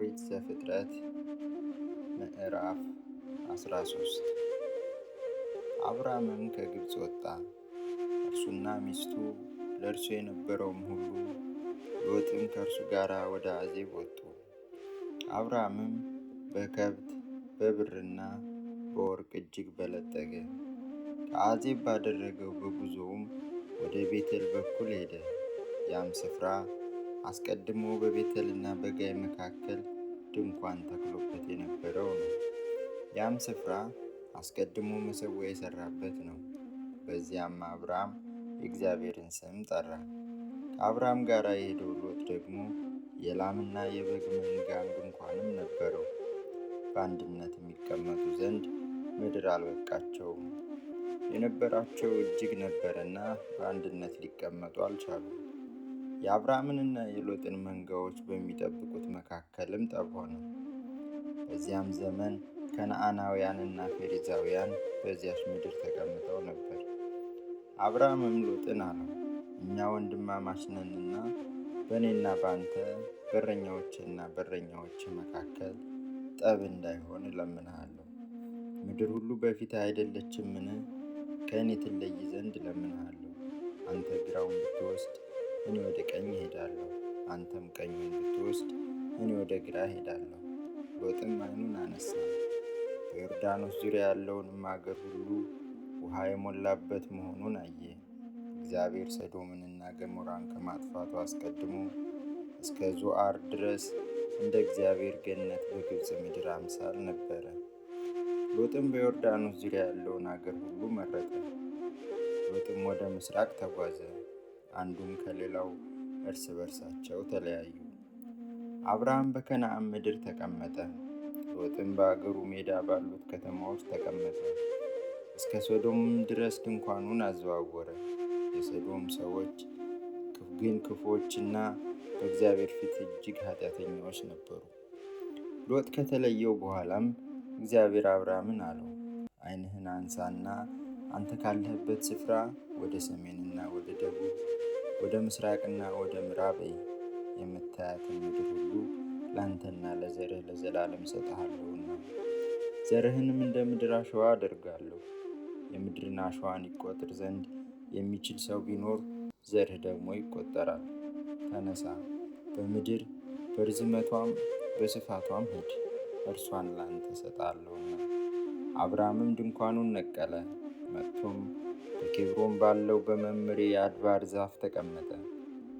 ኦሪት ዘፍጥረት ምዕራፍ 13 አብርሃምም ከግብፅ ወጣ፣ እርሱና ሚስቱ ለእርሱ የነበረውም ሁሉ፣ ሎጥም ከእርሱ ጋር ወደ አዜብ ወጡ። አብርሃምም በከብት በብርና በወርቅ እጅግ በለጠገ። ከአዜብ ባደረገው በጉዞውም ወደ ቤቴል በኩል ሄደ። ያም ስፍራ አስቀድሞ በቤተልና በጋይ መካከል ድንኳን ተክሎበት የነበረው ነው። ያም ስፍራ አስቀድሞ መሠዊያ የሰራበት ነው። በዚያም አብርሃም የእግዚአብሔርን ስም ጠራ። ከአብርሃም ጋር የሄደው ሎጥ ደግሞ የላምና የበግ መንጋም ድንኳንም ነበረው። በአንድነት የሚቀመጡ ዘንድ ምድር አልበቃቸውም፤ የነበራቸው እጅግ ነበረና በአንድነት ሊቀመጡ አልቻሉም። የአብርሃምንና የሎጥን መንጋዎች በሚጠብቁት መካከልም ጠብ ሆነ። በዚያም ዘመን ከነአናውያንና ፌሪዛውያን በዚያች ምድር ተቀምጠው ነበር። አብርሃምም ሎጥን አለው፣ እኛ ወንድማማች ነንና በእኔና በአንተ በረኛዎችና በረኛዎች መካከል ጠብ እንዳይሆን እለምንሃለሁ። ምድር ሁሉ በፊት አይደለችምን? ከእኔ ትለይ ዘንድ እለምንሃለሁ። አንተ ግራውን ብትወስድ እኔ ወደ ቀኝ እሄዳለሁ፣ አንተም ቀኝ ብትወስድ እኔ ወደ ግራ እሄዳለሁ። ሎጥም ዓይኑን አነሳ፣ በዮርዳኖስ ዙሪያ ያለውንም አገር ሁሉ ውሃ የሞላበት መሆኑን አየ። እግዚአብሔር ሰዶምንና ገሞራን ከማጥፋቱ አስቀድሞ እስከ ዞአር ድረስ እንደ እግዚአብሔር ገነት በግብፅ ምድር አምሳል ነበረ። ሎጥም በዮርዳኖስ ዙሪያ ያለውን አገር ሁሉ መረጠ። ሎጥም ወደ ምስራቅ ተጓዘ። አንዱም ከሌላው እርስ በርሳቸው ተለያዩ። አብርሃም በከነአን ምድር ተቀመጠ። ሎጥም በአገሩ ሜዳ ባሉት ከተማዎች ተቀመጠ። እስከ ሶዶም ድረስ ድንኳኑን አዘዋወረ። የሶዶም ሰዎች ግን ክፉዎችና በእግዚአብሔር ፊት እጅግ ኃጢአተኛዎች ነበሩ። ሎጥ ከተለየው በኋላም እግዚአብሔር አብርሃምን አለው፣ ዓይንህን አንሳና አንተ ካለህበት ስፍራ ወደ ሰሜንና ወደ ደቡብ ወደ ምስራቅና ወደ ምዕራብ የምታያትን ምድር ሁሉ ለአንተና ለዘርህ ለዘላለም እሰጥሃለሁና ዘርህንም እንደ ምድር አሸዋ አደርጋለሁ። የምድርን አሸዋን ይቆጥር ዘንድ የሚችል ሰው ቢኖር ዘርህ ደግሞ ይቆጠራል። ተነሳ፣ በምድር በርዝመቷም በስፋቷም ሂድ፣ እርሷን ላንተ እሰጣለሁና። አብርሃምም ድንኳኑን ነቀለ። መጥቶም በኬብሮን ባለው በመምሬ የአድባር ዛፍ ተቀመጠ።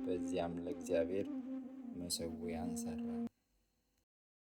በዚያም ለእግዚአብሔር መሰዊያን ሠራ።